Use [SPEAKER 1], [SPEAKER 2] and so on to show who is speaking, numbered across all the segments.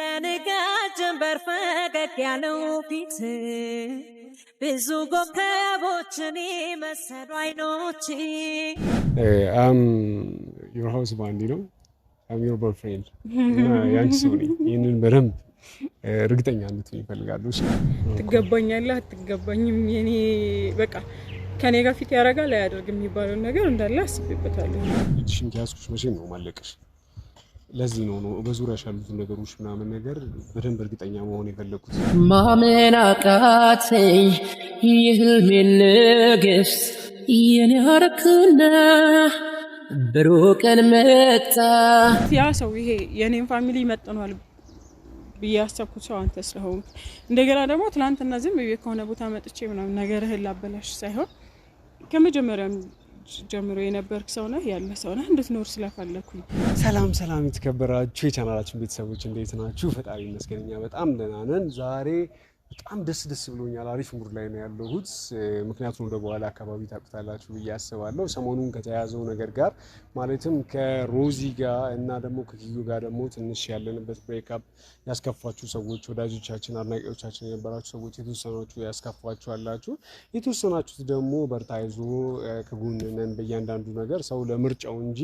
[SPEAKER 1] እንደንጋ ጀንበር ፈገግ ያለው ፊት ብዙ ኮከቦችን መሰሉ አይኖች አም ዮር ሃውስ ባንድ ነው አም ዮር ቦይፍሬንድ እና የአንቺ ሰው ነኝ። ይህንን በደንብ እርግጠኛነት ይፈልጋሉ።
[SPEAKER 2] ትገባኛለህ፣ አትገባኝም፣ የኔ በቃ ከኔ ጋር ፊት ያደርጋል አያደርግም የሚባለውን ነገር እንዳለ አስቤበታለሁ።
[SPEAKER 1] እጅሽን ከያዝኩሽ መቼ ነው ማለቅሽ? ለዚህ ነው ነው በዙሪያ ያሉት ነገሮች ምናምን ነገር በደንብ እርግጠኛ መሆን የፈለግኩት። ማመን አቃተኝ የህልሜ ንግስት
[SPEAKER 2] የኔ አረክና ብሩቅን መጣ። ያ ሰው ይሄ የኔን ፋሚሊ መጥኗል ብዬ ያሰብኩት ሰው አንተ ስለሆንክ እንደገና ደግሞ ትናንትና ዝም ብዬ ከሆነ ቦታ መጥቼ ምናምን ነገርህን ላበላሽ ሳይሆን ከመጀመሪያም ጀምሮ የነበርክ ሰው ነህ ያለ ሰው ነህ እንድትኖር ስለፈለኩኝ።
[SPEAKER 1] ሰላም ሰላም፣ የተከበራችሁ የቻናላችን ቤተሰቦች እንዴት ናችሁ? ፈጣሪ ይመስገን እኛ በጣም ደህና ነን። ዛሬ በጣም ደስ ደስ ብሎኛል። አሪፍ ሙድ ላይ ነው ያለሁት። ምክንያቱም ወደ በኋላ አካባቢ ታውቁታላችሁ ብዬ አስባለሁ። ሰሞኑን ከተያዘው ነገር ጋር ማለትም ከሮዚ ጋር እና ደግሞ ከኪዩ ጋር ደግሞ ትንሽ ያለንበት ብሬክአፕ ያስከፏችሁ ሰዎች፣ ወዳጆቻችን፣ አድናቂዎቻችን የነበራችሁ ሰዎች የተወሰናችሁ ያስከፏችሁ አላችሁ። የተወሰናችሁት ደግሞ በርታይዞ ከጎንነን በእያንዳንዱ ነገር ሰው ለምርጫው እንጂ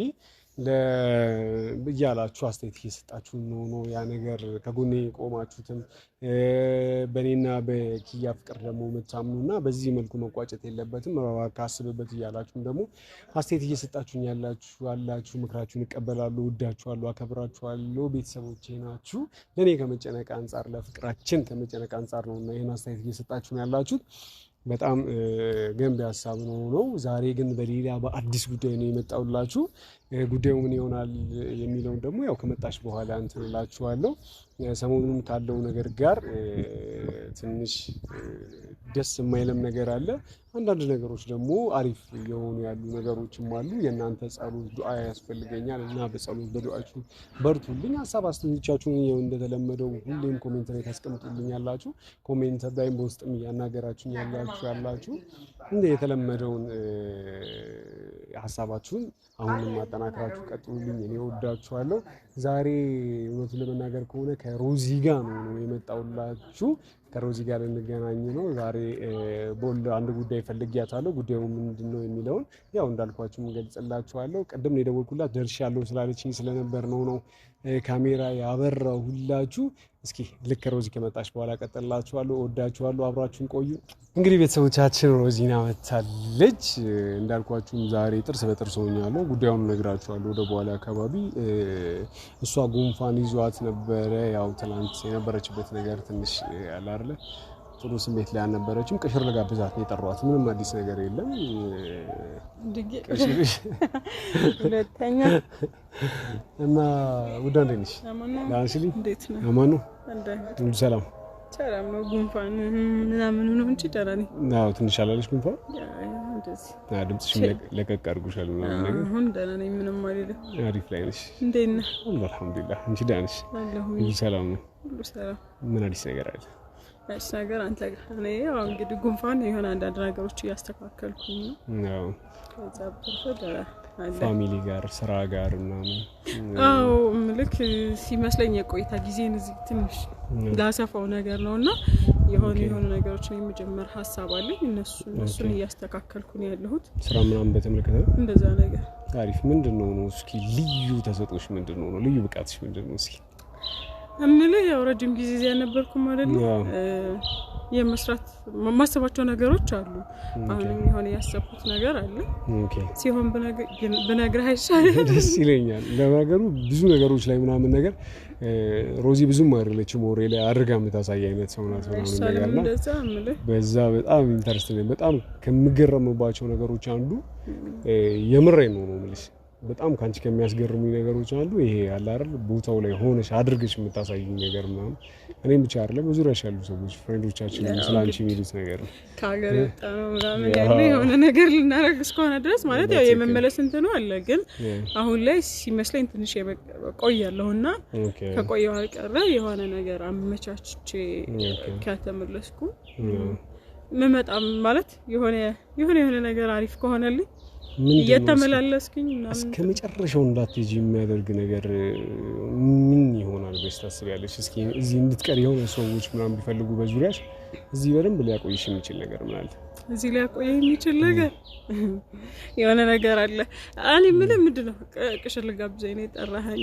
[SPEAKER 1] እያላችሁ አስተያየት እየሰጣችሁ ነው ያ ነገር ከጎኔ የቆማችሁትም በእኔና በኪያ ፍቅር ደግሞ የምታምኑ እና በዚህ መልኩ መቋጨት የለበትም ካስብበት እያላችሁም ደግሞ አስተያየት እየሰጣችሁ ያላችሁ አላችሁ። ምክራችሁን እቀበላለሁ። ወዳችኋለሁ፣ አከብራችኋለሁ። ቤተሰቦቼ ናችሁ። ለእኔ ከመጨነቅ አንጻር፣ ለፍቅራችን ከመጨነቅ አንጻር ነው እና ይህን አስተያየት እየሰጣችሁ ያላችሁት በጣም ገንቢ ሀሳብ ነው ነው። ዛሬ ግን በሌላ በአዲስ ጉዳይ ነው የመጣሁላችሁ። ጉዳዩ ምን ይሆናል የሚለውን ደግሞ ያው ከመጣች በኋላ እንትን እላችኋለሁ። ሰሞኑንም ካለው ነገር ጋር ትንሽ ደስ የማይለም ነገር አለ። አንዳንድ ነገሮች ደግሞ አሪፍ የሆኑ ያሉ ነገሮችም አሉ። የእናንተ ጸሎት፣ ዱዓ ያስፈልገኛል እና በጸሎት በዱዓችሁ በርቱልኝ። ሀሳብ አስተያየቶቻችሁን ያው እንደተለመደው ሁሌም ኮሜንት ላይ ታስቀምጡልኝ ያላችሁ ኮሜንት ላይም በውስጥም እያናገራችሁን ያላችሁ ያላችሁ እንደ የተለመደውን ሀሳባችሁን አሁንም ማጠና አጠናክራችሁ ቀጥሉልኝ፣ እኔ ወዳችኋለሁ። ዛሬ እውነቱን ለመናገር ከሆነ ከሮዚ ጋር ነው ነው የመጣውላችሁ ከሮዚ ጋር ልንገናኝ ነው ዛሬ። ቦል አንድ ጉዳይ ፈልጊያታለሁ። ጉዳዩ ምንድን ነው የሚለውን ያው እንዳልኳችሁ እገልጽላችኋለሁ። ቅድም ነው የደወልኩላት ደርሻለሁ ስላለችኝ ስለነበር ነው ነው ካሜራ ያበራው ሁላችሁ እስኪ ልክ ሮዚ ከመጣች በኋላ ቀጥላችኋለሁ። ወዳችኋለሁ። አብራችሁን ቆዩ። እንግዲህ ቤተሰቦቻችን ሮዚና መታለች። እንዳልኳችሁም ዛሬ ጥርስ በጥርስ ሆኛለሁ። ጉዳዩን ነግራችኋለሁ። ወደ በኋላ አካባቢ እሷ ጉንፋን ይዟት ነበረ። ያው ትናንት የነበረችበት ነገር ትንሽ አላርለ ጥሩ ስሜት ላይ አልነበረችም። ቅሽር ልጋብዛት ነው የጠሯት። ምንም አዲስ ነገር የለም። እና ውዳ እንዴት ነሽ? ለአንስሊ አማኑ ሰላም
[SPEAKER 2] ሰላም ነው። ጉንፋን ምናምን ነው እንጂ ደህና
[SPEAKER 1] ነኝ። አዎ ትንሽ አላለች ጉንፋን ለቀቅ አድርጎሻል
[SPEAKER 2] አሁን ደህና ነኝ፣ ምንም አሪፍ ላይ ነሽ? እንዴት ነህ?
[SPEAKER 1] አልሐምዱሊላህ። አንቺ ደህና ነሽ? ሁሉ ሰላም ነው። ምን አዲስ ነገር አለ?
[SPEAKER 2] ያች ነገር አንተ ጋር እኔ ያው እንግዲህ ጉንፋን የሆነ አንዳንድ ነገሮች እያስተካከልኩኝ
[SPEAKER 1] ነው። ፋሚሊ ጋር ስራ ጋር ምናምን
[SPEAKER 2] አዎ ልክ ሲመስለኝ የቆይታ ጊዜን እዚህ ትንሽ ላሰፋው ነገር ነው እና የሆኑ የሆኑ ነገሮች ነው የመጀመር ሀሳብ አለኝ። እነሱ እነሱን እያስተካከልኩ ነው ያለሁት።
[SPEAKER 1] ስራ ምናምን በተመለከተ
[SPEAKER 2] እንደዛ ነገር
[SPEAKER 1] አሪፍ። ምንድን ነው ነው እስኪ ልዩ ተሰጦች ምንድን ነው ነው ልዩ ብቃትሽ ምንድን ነው እስኪ
[SPEAKER 2] እምልህ ያው ረጅም ጊዜ እዚያ ነበርኩም አይደለ የመስራት ማሰባቸው ነገሮች አሉ። አሁንም የሆነ ያሰብኩት ነገር አለ ሲሆን ብነግርህ አይሻልም?
[SPEAKER 1] ደስ ይለኛል። ለነገሩ ብዙ ነገሮች ላይ ምናምን ነገር ሮዚ ብዙም አይደለችም፣ ወሬ ላይ አድርጋ የምታሳይ አይነት ሰው ናት
[SPEAKER 2] ምናምን ነገር እና
[SPEAKER 1] በዛ በጣም ኢንተረስት በጣም ከምገረምባቸው ነገሮች አንዱ የምሬ ነው ነው የምልሽ በጣም ከአንቺ ከሚያስገርሙኝ ነገሮች አንዱ ይሄ አለ አይደል፣ ቦታው ላይ ሆነሽ አድርገሽ የምታሳይኝ ነገር ምናምን። እኔም ብቻ አይደለም በዙሪያሽ ያሉ ሰዎች ፍሬንዶቻችን ስለ አንቺ የሚሉት ነገር ነው።
[SPEAKER 2] ከሀገር ወጣ ነው ምናምን ያለ የሆነ ነገር ልናደርግ እስከሆነ ድረስ ማለት ያው የመመለስ እንትኑ አለ። ግን አሁን ላይ ሲመስለኝ ትንሽ ቆያለሁ እና ከቆየሁ አልቀረ የሆነ ነገር አመቻችቼ ከተመለስኩ ምመጣም ማለት የሆነ የሆነ ነገር አሪፍ ከሆነልኝ እየተመላለስኩኝ
[SPEAKER 1] እስከ መጨረሻው እንዳትሄጂ የሚያደርግ ነገር ይሆናል ብለሽ ታስቢያለሽ? እስኪ እዚህ እንድትቀር የሆነ ሰዎች ምናምን ቢፈልጉ በዙሪያሽ እዚህ በደንብ ሊያቆይሽ የሚችል ነገር ምን አለ?
[SPEAKER 2] እዚህ ሊያቆይ የሚችል ነገር የሆነ ነገር አለ። እኔ የምልህ ምንድን ነው ቅሽር ልጋብዘኝ ነው የጠራኸኝ?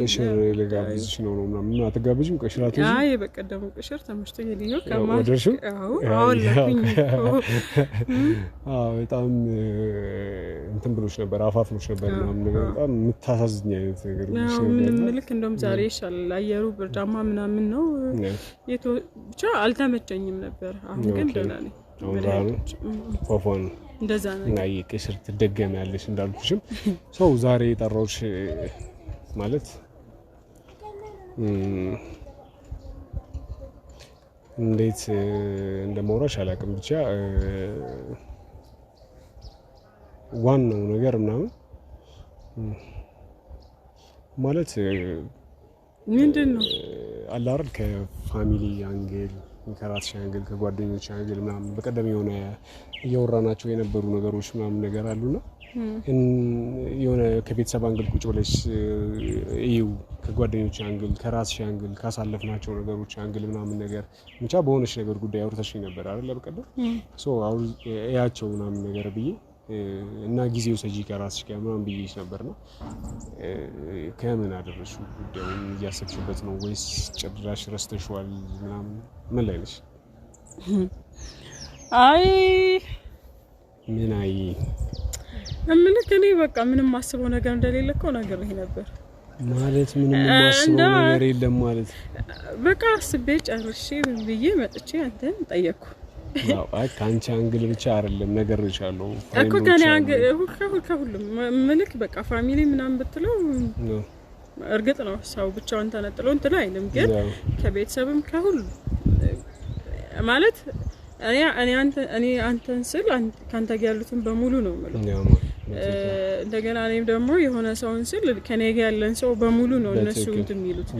[SPEAKER 1] ቅሽር ልጋብዝሽ ነው ነው ምናምን ምን አትጋብዥም? ቅሽር አትይዝም?
[SPEAKER 2] አይ በቀደሙ ቅሽር ተመችቶኝ ልዩ
[SPEAKER 1] ከማደርሽው በጣም እንትን ብሎች ነበር፣ አፋፍሎች ነበር ምናምን ነገር በጣም የምታሳዝኝ አይነት ነገር
[SPEAKER 2] ልክ እንደውም ዛሬ ይሻላል። አየሩ ብርዳማ ምናምን ነው ብቻ አልተመቸኝም ነበር። አሁን ግን ደህና ነኝ። ፏፏን እንደዛ ነው
[SPEAKER 1] ቅስር ያለች እንዳልኩሽም ሰው ዛሬ የጠራሁሽ ማለት እንዴት እንደማውራሽ አላውቅም። ብቻ ዋናው ነገር ምናምን ማለት ምንድን ነው አለ አይደል ከፋሚሊ አንግል ከራስሽ አንግል ከጓደኞች አንግል ምናምን በቀደም የሆነ እያወራናቸው የነበሩ ነገሮች ምናምን ነገር አሉና የሆነ ከቤተሰብ አንግል ቁጭ ብለሽ እዩ፣ ከጓደኞች አንግል፣ ከራስሽ አንግል፣ ካሳለፍናቸው ነገሮች አንግል ምናምን ነገር ብቻ በሆነች ነገር ጉዳይ አውርተሽኝ ነበር አይደል በቀደም ያቸው ምናምን ነገር ብዬ እና ጊዜው ሰጂ ከራስሽ ጋር ምናምን ብዬሽ ነበር ነው። ከምን አደረሹ ጉዳዩን እያሰብሽበት ነው ወይስ ጭራሽ ረስተሽዋል? ምናምን ምን ላይ ነሽ? አይ ምን አይ
[SPEAKER 2] እምልክ እኔ በቃ ምንም ማስበው ነገር እንደሌለ እኮ ነገር ይሄ ነበር
[SPEAKER 1] ማለት ምንም ማስበው ነገር የለም ማለት
[SPEAKER 2] በቃ አስቤ ጨርሼ ብዬ መጥቼ አንተን ጠየቅኩ።
[SPEAKER 1] ከአንቺ አንግል ብቻ አይደለም ነገር ይቻለሁ
[SPEAKER 2] እኮ ከሁሉም ምልክ በቃ ፋሚሊ ምናምን ብትለው እርግጥ ነው ሰው ብቻውን ተነጥሎ እንትን አይልም፣ ግን ከቤተሰብም ከሁሉ ማለት እኔ አንተን ስል ከአንተ ጋር ያሉትን በሙሉ ነው ምለው እንደገና እኔም ደግሞ የሆነ ሰውን ስል ከኔ ጋ ያለን ሰው በሙሉ ነው እነሱ እንትን የሚሉት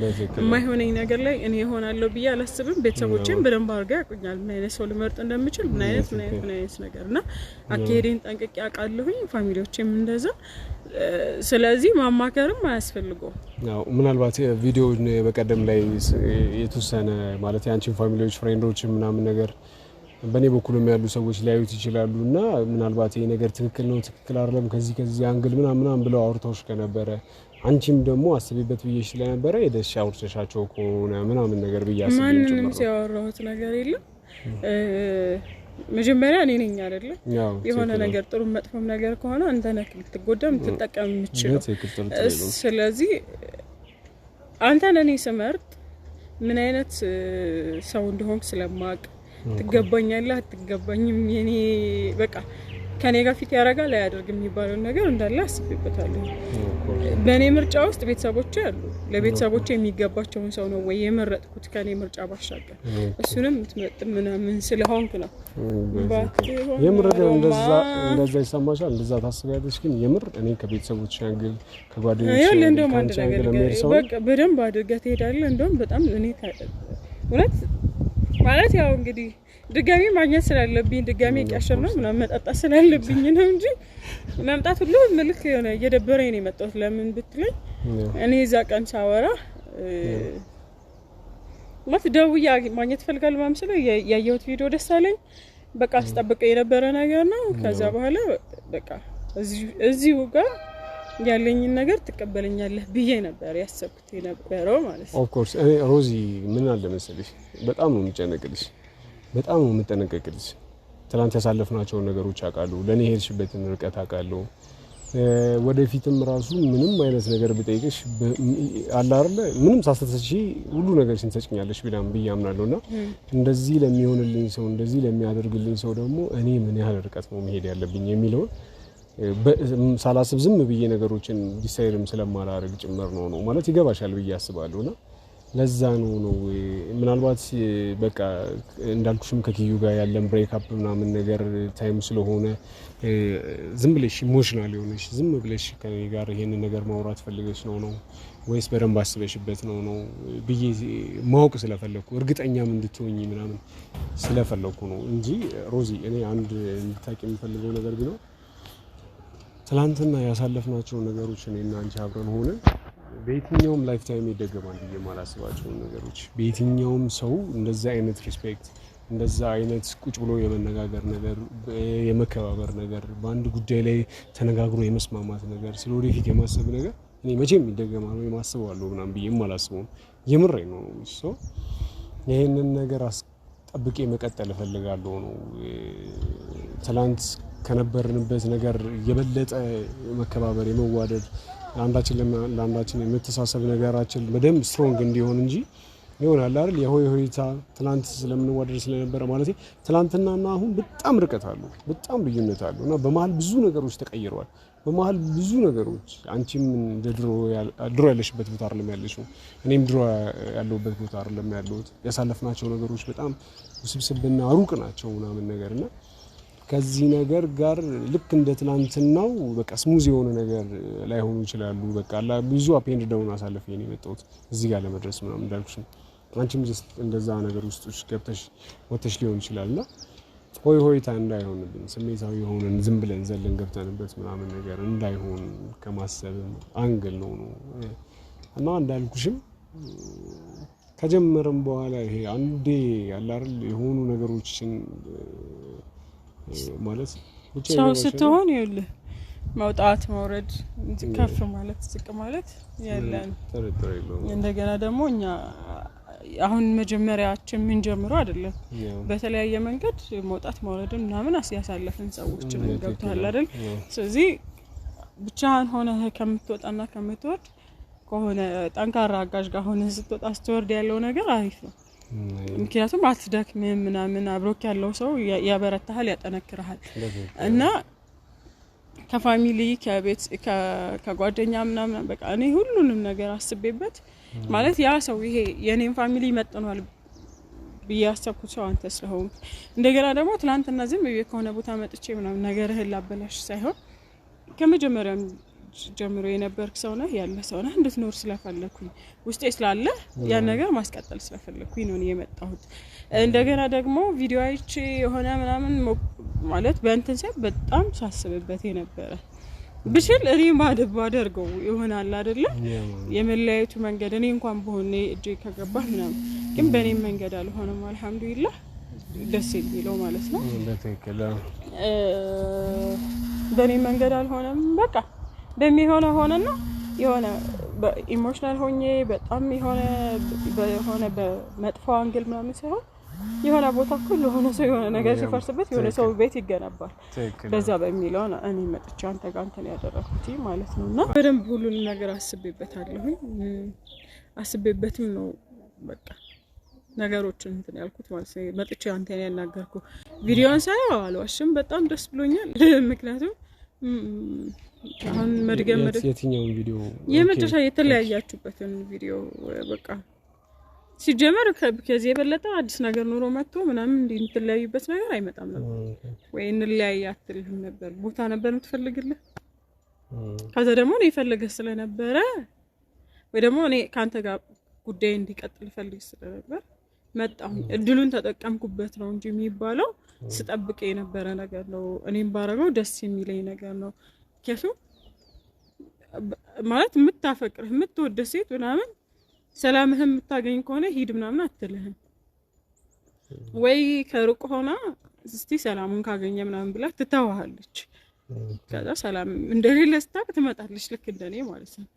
[SPEAKER 2] የማይሆነኝ ነገር ላይ እኔ እሆናለሁ ብዬ አላስብም። ቤተሰቦቼም በደንብ አድርገው ያውቁኛል፣ ምን አይነት ሰው ልመርጥ እንደምችል ምን አይነት ምን አይነት ምን አይነት ነገር እና አካሄዴን ጠንቅቄ አውቃለሁኝ። ፋሚሊዎችም እንደዛ ስለዚህ ማማከርም አያስፈልገው።
[SPEAKER 1] ምናልባት ቪዲዮ በቀደም ላይ የተወሰነ ማለት የአንቺን ፋሚሊዎች ፍሬንዶች ምናምን ነገር በእኔ በኩልም ያሉ ሰዎች ሊያዩት ይችላሉ እና ምናልባት ይሄ ነገር ትክክል ነው ትክክል አይደለም ከዚህ ከዚህ አንግል ምናምን ምናምን ብለው አውርተውሽ ከነበረ አንቺም ደግሞ አስቤበት ብዬ ስለነበረ የደሽ አውርተሻቸው ከሆነ ምናምን ነገር ብዬ አስቤ
[SPEAKER 2] ማንንም ሲያወራሁት ነገር የለም። መጀመሪያ እኔ ነኝ አይደለ? የሆነ ነገር ጥሩ መጥፎም ነገር ከሆነ አንተ ነህ ልትጎዳም ልትጠቀም የምችለው። ስለዚህ አንተ ለእኔ ስመርጥ ምን አይነት ሰው እንደሆንክ ስለማቅ ትገባኛለህ አትገባኝም፣ የኔ በቃ ከኔ ጋር ፊት ያደርጋል አያደርግ የሚባለውን ነገር እንዳለ አስቤበታለሁ። በእኔ ምርጫ ውስጥ ቤተሰቦች አሉ። ለቤተሰቦች የሚገባቸውን ሰው ነው ወይ የመረጥኩት ከኔ ምርጫ ባሻገር እሱንም ምትመጥ ምናምን ስለሆንክ ነው።
[SPEAKER 1] የምር ግን እንደዛ ይሰማሻል? እንደዛ ታስቢያለሽ? ግን የምር እኔ ከቤተሰቦች ያግል ከጓደኞች
[SPEAKER 2] እንደውም አንድ ነገር በደንብ አድርገህ ትሄዳለህ። እንደውም በጣም እኔ እውነት ማለት ያው እንግዲህ ድጋሚ ማግኘት ስላለብኝ ድጋሚ ቂያሸር ነው ምናምን መጠጣት ስላለብኝ ነው እንጂ መምጣት ሁሉ ምልክ የሆነ እየደበረኝ ነው የመጣሁት። ለምን ብትለኝ እኔ እዛ ቀን ሳወራ ማለት ደውዬ ማግኘት እፈልጋለሁ ምናምን ስለው ያየሁት ቪዲዮ ደስ አለኝ። በቃ አስጠብቀ የነበረ ነገር ነው። ከዛ በኋላ በቃ እዚሁ ጋር ያለኝን ነገር ትቀበለኛለህ ብዬ ነበር ያሰብኩት የነበረው ማለት
[SPEAKER 1] ነው። ኦፍኮርስ እኔ ሮዚ ምን አለ መሰለሽ፣ በጣም ነው የምጨነቅልሽ፣ በጣም ነው የምጠነቀቅልሽ። ትላንት ያሳለፍናቸውን ነገሮች አውቃለሁ፣ ለእኔ ሄድሽበትን ርቀት አውቃለሁ። ወደፊትም ራሱ ምንም አይነት ነገር ብጠይቅሽ አለ አይደለ ምንም ሳስተሰሺ ሁሉ ነገር ትሰጭኛለሽ ቢላም ብዬ አምናለሁ። እና እንደዚህ ለሚሆንልኝ ሰው እንደዚህ ለሚያደርግልኝ ሰው ደግሞ እኔ ምን ያህል ርቀት ነው መሄድ ያለብኝ የሚለውን ሳላስብ ዝም ብዬ ነገሮችን ዲሳይድም ስለማላደርግ ጭምር ነው ነው ማለት ይገባሻል ብዬ አስባለሁ። እና ለዛ ነው ነው ምናልባት በቃ እንዳልኩሽም ከኪዩ ጋር ያለን ብሬክአፕ ምናምን ነገር ታይም ስለሆነ ዝም ብለሽ ኢሞሽናል የሆነሽ ዝም ብለሽ ከኔ ጋር ይሄን ነገር ማውራት ፈልገሽ ነው ነው ወይስ በደንብ አስበሽበት ነው ነው ብዬ ማወቅ ስለፈለግኩ እርግጠኛም እንድትሆኝ ምናምን ስለፈለግኩ ነው እንጂ ሮዚ፣ እኔ አንድ እንድታቂ የምፈልገው ነገር ቢኖር ትላንትና ያሳለፍናቸው ነገሮች እኔ እና አንቺ አብረን ሆነ በየትኛውም ላይፍ ታይም ይደገማል ብዬ ማላስባቸውን ነገሮች በየትኛውም ሰው እንደዛ አይነት ሪስፔክት እንደዛ አይነት ቁጭ ብሎ የመነጋገር ነገር፣ የመከባበር ነገር፣ በአንድ ጉዳይ ላይ ተነጋግሮ የመስማማት ነገር፣ ስለ ወደፊት የማሰብ ነገር እኔ መቼም ይደገማል ወይም አስበዋለሁ ምናምን ብዬም አላስበውም። የምሬ ነው ሰው ይህንን ነገር አስጠብቄ መቀጠል እፈልጋለሁ ነው ትላንት ከነበርንበት ነገር የበለጠ መከባበር፣ የመዋደድ አንዳችን ለአንዳችን የመተሳሰብ ነገራችን በደንብ ስትሮንግ እንዲሆን እንጂ ይሆናል አይደል የሆይ ሆይታ ትናንት ስለምንዋደድ ስለነበረ ማለት ትናንትናና አሁን በጣም ርቀት አሉ፣ በጣም ልዩነት አሉ እና በመሀል ብዙ ነገሮች ተቀይረዋል። በመሀል ብዙ ነገሮች አንቺም እንደ ድሮ ያለሽበት ቦታ አይደለም ያለሽው፣ እኔም ድሮ ያለሁበት ቦታ አይደለም ያለሁት። ያሳለፍናቸው ነገሮች በጣም ውስብስብና ሩቅ ናቸው ምናምን ነገር እና ከዚህ ነገር ጋር ልክ እንደ ትናንትናው በቃ ስሙዝ የሆነ ነገር ላይሆኑ ይችላሉ። በቃ ብዙ አፔንድ ደውን አሳልፌ ነው የመጣሁት እዚህ ጋር ለመድረስ ምናምን እንዳልኩሽ አንቺም እንደዛ ነገር ውስጥ ገብተሽ ወተሽ ሊሆን ይችላል እና ሆይ ሆይታ እንዳይሆንብን ስሜታዊ የሆንን ዝም ብለን ዘለን ገብተንበት ምናምን ነገር እንዳይሆን ከማሰብም አንግል ነው ነው እና እንዳልኩሽም ከጀመርም በኋላ ይሄ አንዴ አላርል የሆኑ ነገሮችን ማለት
[SPEAKER 2] ሰው ስትሆን ይኸውልህ መውጣት መውረድ፣ ከፍ ማለት ዝቅ ማለት ያለን። እንደገና ደግሞ እኛ አሁን መጀመሪያችን የምንጀምረው አይደለም። በተለያየ መንገድ መውጣት መውረድን ምናምን ያሳለፍን ሰዎች ገብተሃል አይደል? ስለዚህ ብቻህን ሆነ ከምትወጣና ከምትወርድ ከሆነ ጠንካራ አጋዥ ጋር ሆነ ስትወጣ ስትወርድ ያለው ነገር አሪፍ ነው። ምክንያቱም አትደክም ምናምን አብሮክ ያለው ሰው ያበረታሃል፣ ያጠነክረሃል እና ከፋሚሊ ከቤት ከጓደኛ ምናምን በቃ እኔ ሁሉንም ነገር አስቤበት ማለት ያ ሰው ይሄ የእኔም ፋሚሊ ይመጥኗል ብዬ ያሰብኩት ሰው አንተ ስለሆንክ እንደገና ደግሞ ትናንትና ዝም ብዬ ከሆነ ቦታ መጥቼ ምናምን ነገርህን ላበላሽ ሳይሆን ከመጀመሪያም ጀምሮ የነበርክ ሰው ነህ ያለ ሰው ነህ እንድትኖር ስለፈለኩኝ ውስጤ ስላለ ያን ነገር ማስቀጠል ስለፈለኩኝ ነው የመጣሁት። እንደገና ደግሞ ቪዲዮ አይቼ የሆነ ምናምን ማለት በእንትን ሲያ በጣም ሳስብበት የነበረ ብችል እኔ ማደብ አደርገው ይሆናል አደለ የመለያየቱ መንገድ እኔ እንኳን በሆነ እጅ ከገባ ምናምን ግን በእኔም መንገድ አልሆነም። አልሐምዱሊላህ ደስ የሚለው ማለት ነው። በእኔ መንገድ አልሆነም በቃ በሚሆነ ሆነና የሆነ በኢሞሽናል ሆኜ በጣም የሆነ በሆነ በመጥፎ አንግል ምናምን ሳይሆን የሆነ ቦታ እኮ ለሆነ ሰው የሆነ ነገር ሲፈርስበት የሆነ ሰው ቤት ይገነባል። በዛ በሚለው እኔ መጥቼ አንተ ጋር እንትን ያደረኩት ማለት ነው። እና በደንብ ሁሉንም ነገር አስቤበታለሁኝ አስቤበትም ነው በቃ ነገሮችን እንትን ያልኩት ማለት ነው። መጥቼ አንተን ያናገርኩ ቪዲዮን ሳየው አልዋሽም፣ በጣም ደስ ብሎኛል። ምክንያቱም
[SPEAKER 1] አሁን መድገም የትኛውን ቪዲዮ
[SPEAKER 2] የመጨረሻ የተለያያችሁበትን ቪዲዮ በቃ ሲጀመር ከዚህ የበለጠ አዲስ ነገር ኑሮ መጥቶ ምናምን እንዲህ የምትለያዩበት ነገር አይመጣም ነበር ወይ እንለያይ አትልህም ነበር። ቦታ ነበር የምትፈልግልህ። ከዛ ደግሞ እኔ የፈለገ ስለነበረ ወይ ደግሞ እኔ ከአንተ ጋር ጉዳይ እንዲቀጥል ፈልግ ስለነበር መጣሁ። እድሉን ተጠቀምኩበት ነው እንጂ የሚባለው ስጠብቅ የነበረ ነገር ነው። እኔም ባረገው ደስ የሚለኝ ነገር ነው። ምክንያቱም ማለት የምታፈቅርህ የምትወደህ ሴት ምናምን ሰላምህ የምታገኝ ከሆነ ሂድ ምናምን አትልህም ወይ ከሩቅ ሆና እስቲ ሰላሙን ካገኘ ምናምን ብላ ትተዋሃለች። ከዛ ሰላም እንደሌለ ስታቅ ትመጣለች። ልክ እንደኔ ማለት ነው።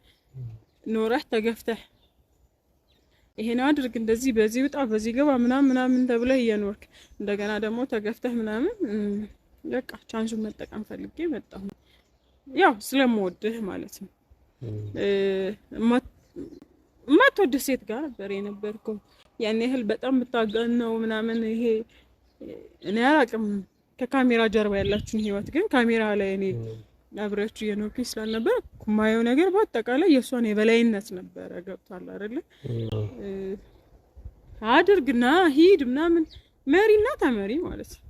[SPEAKER 2] ኖረህ ተገፍተህ ይሄን አድርግ እንደዚህ በዚህ ውጣ በዚህ ገባ ምናምን ምናምን ተብለህ እየኖርክ እንደገና ደግሞ ተገፍተህ ምናምን በቃ ቻንሱን መጠቀም ፈልጌ መጣሁ። ያው ስለምወድህ ማለት ነው። እማትወድህ ሴት ጋር ነበር የነበርከው። ያን ያህል በጣም የምታጋን ነው ምናምን ይሄ እኔ አላቅም። ከካሜራ ጀርባ ያላችሁን ህይወት ግን ካሜራ ላይ እኔ አብሬያችሁ እየኖርኩኝ ስላልነበር ኩማየው ነገር በአጠቃላይ የእሷን የበላይነት ነበረ። ገብቷል አይደለ? አድርግና ሂድ ምናምን መሪና ተመሪ ማለት ነው።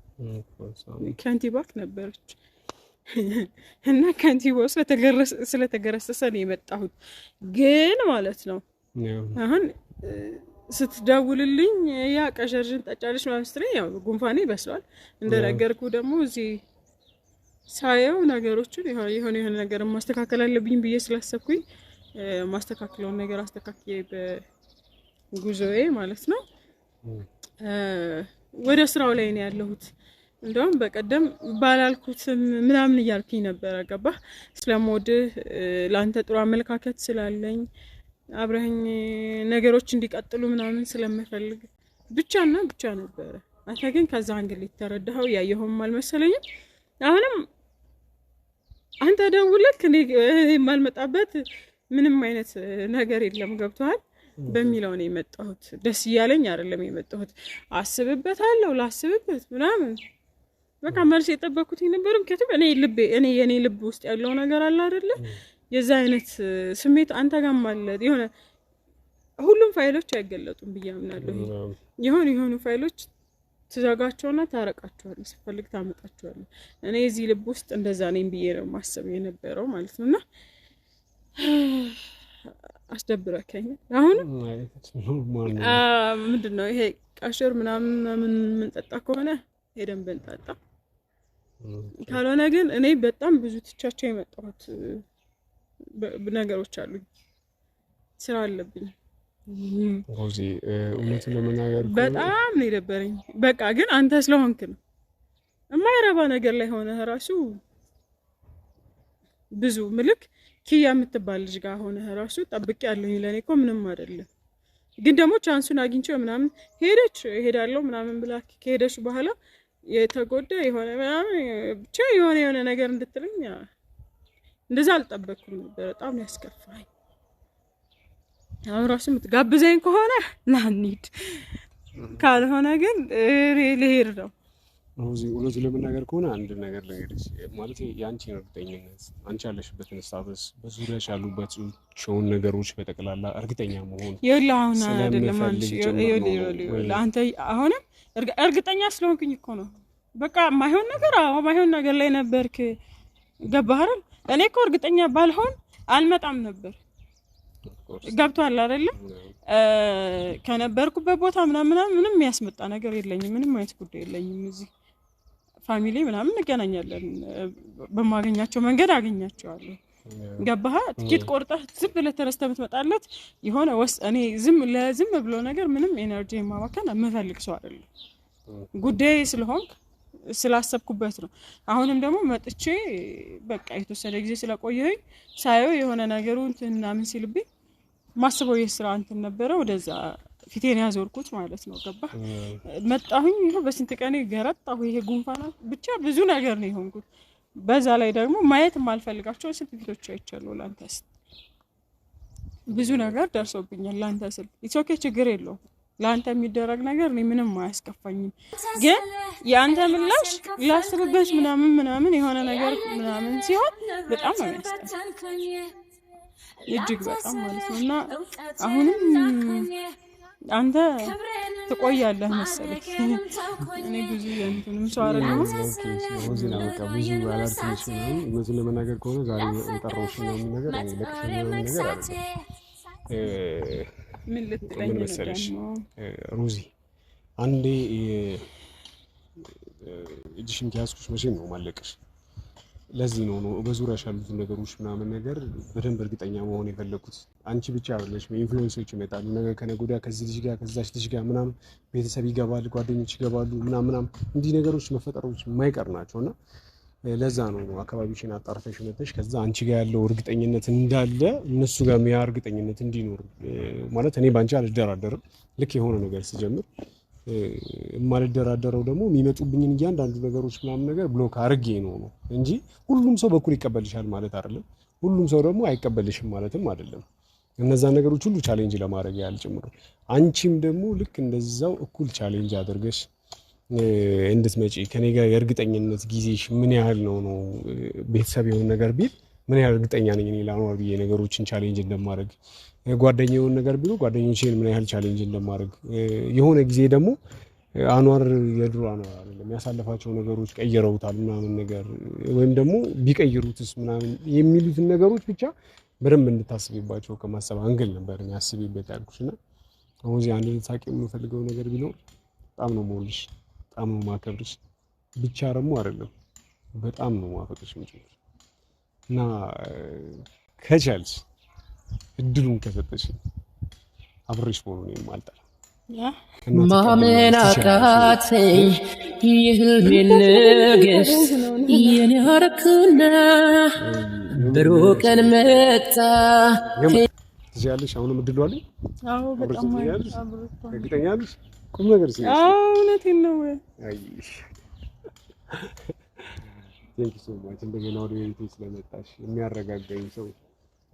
[SPEAKER 2] ከንቲባክ ነበረች እና ከንቲባው ስለተገረሰሰ ነው የመጣሁት። ግን ማለት ነው አሁን ስትደውልልኝ ያ ቀሸርሽን ጠጫለች ምናምን ስትለኝ ያው ጉንፋኔ ይበስሏል እንደነገርኩ ደግሞ እዚህ ሳየው ነገሮችን የሆነ የሆነ ነገር ማስተካከል አለብኝ ብዬ ስላሰብኩኝ ማስተካክለውን ነገር አስተካክዬ በጉዞዬ ማለት ነው ወደ ስራው ላይ ነው ያለሁት። እንደውም በቀደም ባላልኩት ምናምን እያልኩኝ ነበረ። ገባህ ስለምወድህ ለአንተ ጥሩ አመለካከት ስላለኝ አብረኸኝ ነገሮች እንዲቀጥሉ ምናምን ስለምፈልግ ብቻና ብቻ ነበረ። አንተ ግን ከዛ አንግል የተረዳኸው ያየኸውም አልመሰለኝም። አሁንም አንተ ደውለክ እኔ የማልመጣበት ምንም አይነት ነገር የለም። ገብቶሃል በሚለው ነው የመጣሁት። ደስ እያለኝ አይደለም የመጣሁት። አስብበታለሁ ላስብበት ምናምን በቃ መልስ የጠበኩት ነበር። ምክንያቱም እኔ ልቤ እኔ የኔ ልብ ውስጥ ያለው ነገር አለ አይደለ? የዛ አይነት ስሜት አንተ ጋርም አለ የሆነ ሁሉም ፋይሎች አይገለጡም ብዬ አምናለሁ። የሆኑ የሆኑ ፋይሎች ትዘጋቸውና ታረቃቸዋለህ፣ ስፈልግ ታመጣቸዋለህ። እኔ እዚህ ልብ ውስጥ እንደዛ ነኝ ብዬ ነው ማሰብ የነበረው ማለት ነው። እና አስደብረከኝ አሁን ምንድን ነው ይሄ ቀሽር ምናምን ምን የምንጠጣ ከሆነ ሄደን ብንጠጣ ካልሆነ ግን እኔ በጣም ብዙ ትቻቸው የመጣሁት ነገሮች አሉኝ። ስራ አለብኝ።
[SPEAKER 1] ሮዚ እውነቱን ለመናገር
[SPEAKER 2] በጣም ነው የደበረኝ። በቃ ግን አንተ ስለሆንክ ነው የማይረባ ነገር ላይ ሆነ ራሱ ብዙ ምልክ ኪያ የምትባል ልጅ ጋር ሆነ ራሱ ጠብቅ ያለኝ ለእኔ እኮ ምንም አይደለም። ግን ደግሞ ቻንሱን አግኝቼው ምናምን ሄደች ሄዳለው ምናምን ብላ ከሄደች በኋላ የተጎዳ የሆነ ምናምን ብቻ የሆነ የሆነ ነገር እንድትለኝ እንደዛ አልጠበቅኩም ነበር። በጣም ያስከፋኝ። አሁን ራሱ የምትጋብዘኝ ከሆነ ና እንሂድ፣ ካልሆነ ግን ልሄድ ነው።
[SPEAKER 1] እውነቱን ለመናገር ከሆነ አንድ ነገር ነገርሽ ማለት የአንቺ እርግጠኝነት አንቺ ያለሽበትን ስታተስ በዙሪያሽ ያሉባቸውን ነገሮች በጠቅላላ እርግጠኛ መሆን
[SPEAKER 2] ይኸውልህ አሁን አይደለም አንቺ ይኸውልህ አንተ አሁንም እርግጠኛ ስለሆንኩኝ እኮ ነው። በቃ ማይሆን ነገር አዎ፣ ማይሆን ነገር ላይ ነበርክ። ገባህ እኔ እኮ እርግጠኛ ባልሆን አልመጣም ነበር። ገብቷል አይደለ? ከነበርኩበት ቦታ ምናምን ምንም የሚያስመጣ ነገር የለኝም። ምንም አይነት ጉዳይ የለኝም። እዚህ ፋሚሊ ምናምን እንገናኛለን። በማገኛቸው መንገድ አገኛቸዋለሁ። ገባሃ ትኬት ቆርጠህ ዝም ብለህ ተነስተህ የምትመጣለት የሆነ ወስ እኔ ዝም ለዝም ብሎ ነገር ምንም ኤነርጂ የማባከን የምፈልግ ሰው አይደለም። ጉዳይ ስለሆንክ ስላሰብኩበት ነው። አሁንም ደግሞ መጥቼ በቃ የተወሰነ ጊዜ ስለቆየሁኝ ሳየው የሆነ ነገሩ እንትን ምናምን ሲልብኝ ማስበው የስራ እንትን ነበረ ወደዛ ፊቴን ያዞርኩት ማለት ነው። ገባ መጣሁኝ በስንት ቀኔ ገረጣሁ። ይሄ ጉንፋና ብቻ ብዙ ነገር ነው የሆንኩት። በዛ ላይ ደግሞ ማየት የማልፈልጋቸው ስል ልጆች አይቻሉ ላንተ ስል ብዙ ነገር ደርሶብኛል። ላንተ ስል ኢትዮኬ ችግር የለውም። ለአንተ የሚደረግ ነገር እኔ ምንም አያስከፋኝም። ግን የአንተ ምላሽ ላስብበት ምናምን ምናምን የሆነ ነገር ምናምን ሲሆን በጣም ነው የሚያስጠላ እጅግ በጣም ማለት ነው እና አሁንም አንተ ትቆያለህ መሰለኝ። እኔ ብዙ እንትንም ሰው አይደለሁም።
[SPEAKER 1] ዜና በቃ ብዙ አላልኩሽ። እውነቱን ለመናገር ከሆነ ዛሬ የጠራሁሽ ምናምን ነገር ለቅሽ ምናምን ነገር አለ። ምን ልትለኝ መሰለሽ ሮዚ፣ አንዴ እጅሽን ከያዝኩሽ መቼም ነው ማለቅሽ ለዚህ ነው ነው በዙሪያሽ ያሉትን ነገሮች ምናምን ነገር በደንብ እርግጠኛ መሆን የፈለኩት። አንቺ ብቻ አይደለሽ፣ ኢንፍሉዌንሶች ይመጣሉ። ነገ ከነገ ወዲያ ከዚህ ልጅ ጋር ከዛች ልጅ ጋር ምናምን ቤተሰብ ይገባል፣ ጓደኞች ይገባሉ፣ ምናምን ምናምን እንዲህ ነገሮች መፈጠሮች የማይቀር ናቸው እና ለዛ ነው ነው አካባቢሽን አጣርተሽ መተሽ ከዛ አንቺ ጋር ያለው እርግጠኝነት እንዳለ እነሱ ጋር ያ እርግጠኝነት እንዲኖር ማለት እኔ በአንቺ አልደራደርም። ልክ የሆነ ነገር ስጀምር የማልደራደረው ደግሞ የሚመጡብኝን እያንዳንዱ ነገሮች ምናምን ነገር ብሎክ አርጌ ነው ነው እንጂ ሁሉም ሰው በኩል ይቀበልሻል ማለት አይደለም። ሁሉም ሰው ደግሞ አይቀበልሽም ማለትም አይደለም። እነዛ ነገሮች ሁሉ ቻሌንጅ ለማድረግ ያህል ጭምር አንቺም ደግሞ ልክ እንደዛው እኩል ቻሌንጅ አድርገሽ እንድትመጪ ከኔ ጋር የእርግጠኝነት ጊዜሽ ምን ያህል ነው ነው ቤተሰብ የሆን ነገር ቢል ምን ያህል እርግጠኛ ነኝ እኔ ላኗር ብዬ ነገሮችን ቻሌንጅ እንደማድረግ ጓደኛውን ነገር ቢሉ ጓደኞቼን ምን ያህል ቻሌንጅ እንደማድረግ የሆነ ጊዜ ደግሞ አኗር የድሮ አኗር አይደለም ያሳለፋቸው ነገሮች ቀይረውታል ምናምን ነገር ወይም ደግሞ ቢቀይሩትስ ምናምን የሚሉትን ነገሮች ብቻ በደንብ እንድታስቢባቸው ከማሰብ አንግል ነበር ያስቢበት ያልኩሽ እና አሁን እዚህ አንድ ልታቂ የምፈልገው ነገር ቢኖር በጣም ነው የምወድሽ፣ በጣም ነው ማከብርሽ። ብቻ ደግሞ አይደለም በጣም ነው የማፈቅርሽ ምጭ እና ከቻልሽ እድሉን ከሰጠሽ አብሬሽ መሆኑን የማልጠላ ማመን አቃተኝ የህልሜን ንግሥት የኔ አረክና ብሩህ ቀን መጣ ትችያለሽ። አሁንም እድሉ አለኝ። እርግጠኛ ነሽ? ቁም ነገር
[SPEAKER 2] እውነቴን ነው።
[SPEAKER 1] እንደገና ወደ ቤቴ ስለመጣሽ የሚያረጋጋኝ ሰው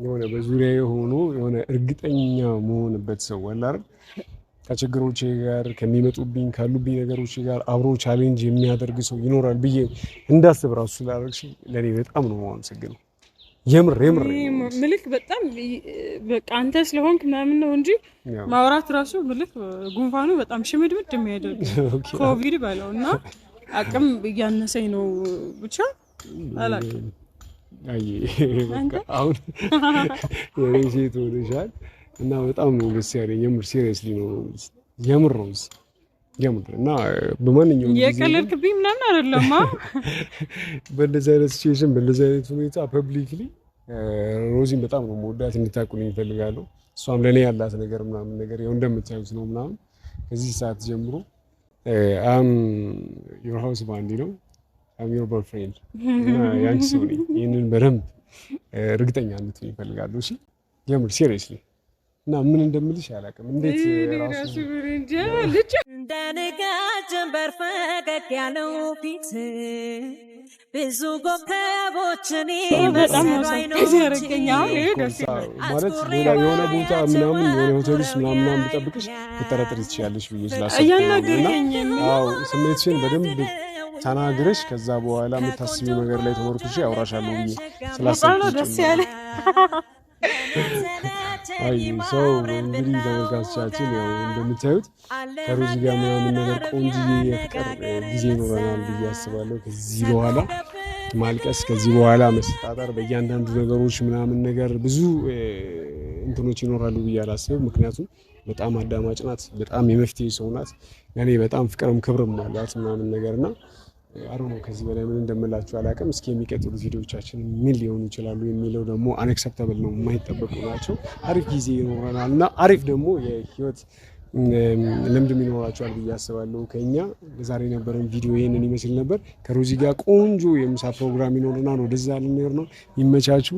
[SPEAKER 1] የሆነ በዙሪያ የሆኑ የሆነ እርግጠኛ መሆንበት ሰው ወላር አይደል ከችግሮቼ ጋር ከሚመጡብኝ ካሉብኝ ነገሮች ጋር አብሮ ቻሌንጅ የሚያደርግ ሰው ይኖራል ብዬ እንዳስብ ራሱ ስላደረግሽ ለእኔ በጣም ነው የማመሰግነው። የምር የምር
[SPEAKER 2] ምልክ በጣም በቃ አንተ ስለሆንክ ምናምን ነው እንጂ ማውራት ራሱ ምልክ ጉንፋኑ በጣም ሽምድምድ የሚያደርግ ኮቪድ በለው እና አቅም እያነሰኝ ነው ብቻ አላውቅም።
[SPEAKER 1] አይ አሁን ሴት ሆነሻል እና በጣም ነው ደስ ያለኝ። የምር ሲሪየስሊ ነው የምር ነው የምር እና በማንኛውም
[SPEAKER 2] የቀለድክብኝ ምናምን አይደለም።
[SPEAKER 1] በእንደዚህ አይነት ሲቹዌሽን በእንደዚህ አይነት ሁኔታ ፐብሊክሊ ሮዚን በጣም ነው መወዳት እንድታቁልኝ እሷም ለእኔ ያላት ነገር ምናምን ነገር ያው እንደምታዩት ነው ምናምን ከዚህ ሰዓት ጀምሮ አም ሃውስ ባንዲ ነው አም ዮር ቦይፍሬንድ እና ያንቺ ሰው ነኝ። ይህንን በደንብ እርግጠኛ ይፈልጋሉ። እሺ የምር ሲሪየስሊ እና ምን እንደምልሽ አላውቅም።
[SPEAKER 2] እንዴት እንደነጋ ጀንበር ፈገግ ያለው ፊት ብዙ ኮከቦችን ማለት
[SPEAKER 1] ሌላ የሆነ ቦታ ምናምን የሆነ ሆቴል ውስጥ ምናምን ብጠብቅሽ ልጠረጥር ትችያለሽ ብዬ ስላሰብኩ ስሜትሽን በደንብ ተናግረሽ ከዛ በኋላ የምታስቢው ነገር ላይ ተመርኩሽ አውራሻለሁ ብዬ ስላሰብኩ ደስ ያለ አይ ሰው እንግዲህ ተመልካቾቻችን ያው እንደምታዩት ከሮዚ ጋር ምናምን ነገር ቆንጆ የፍቅር ጊዜ ይኖረናል ብዬ አስባለሁ። ከዚህ በኋላ ማልቀስ፣ ከዚህ በኋላ መሰጣጠር፣ በእያንዳንዱ ነገሮች ምናምን ነገር ብዙ እንትኖች ይኖራሉ ብዬ አላስብም። ምክንያቱም በጣም አዳማጭ ናት፣ በጣም የመፍትሄ ሰው ናት። ለእኔ በጣም ፍቅርም ክብርም አላት ምናምን ነገር እና አሩ ነው። ከዚህ በላይ ምን እንደምላችሁ አላውቅም። እስኪ የሚቀጥሉት ቪዲዮቻችን ምን ሊሆኑ ይችላሉ የሚለው ደግሞ አንአክሰፕተብል ነው፣ የማይጠበቁ ናቸው። አሪፍ ጊዜ ይኖረናል እና አሪፍ ደግሞ የህይወት ልምድም ይኖራቸዋል ብዬ አስባለሁ። ከኛ ዛሬ የነበረን ቪዲዮ ይህንን ይመስል ነበር። ከሮዚ ጋር ቆንጆ የምሳ ፕሮግራም ይኖርናል፣ ወደዛ ልንሄድ ነው። ይመቻችሁ።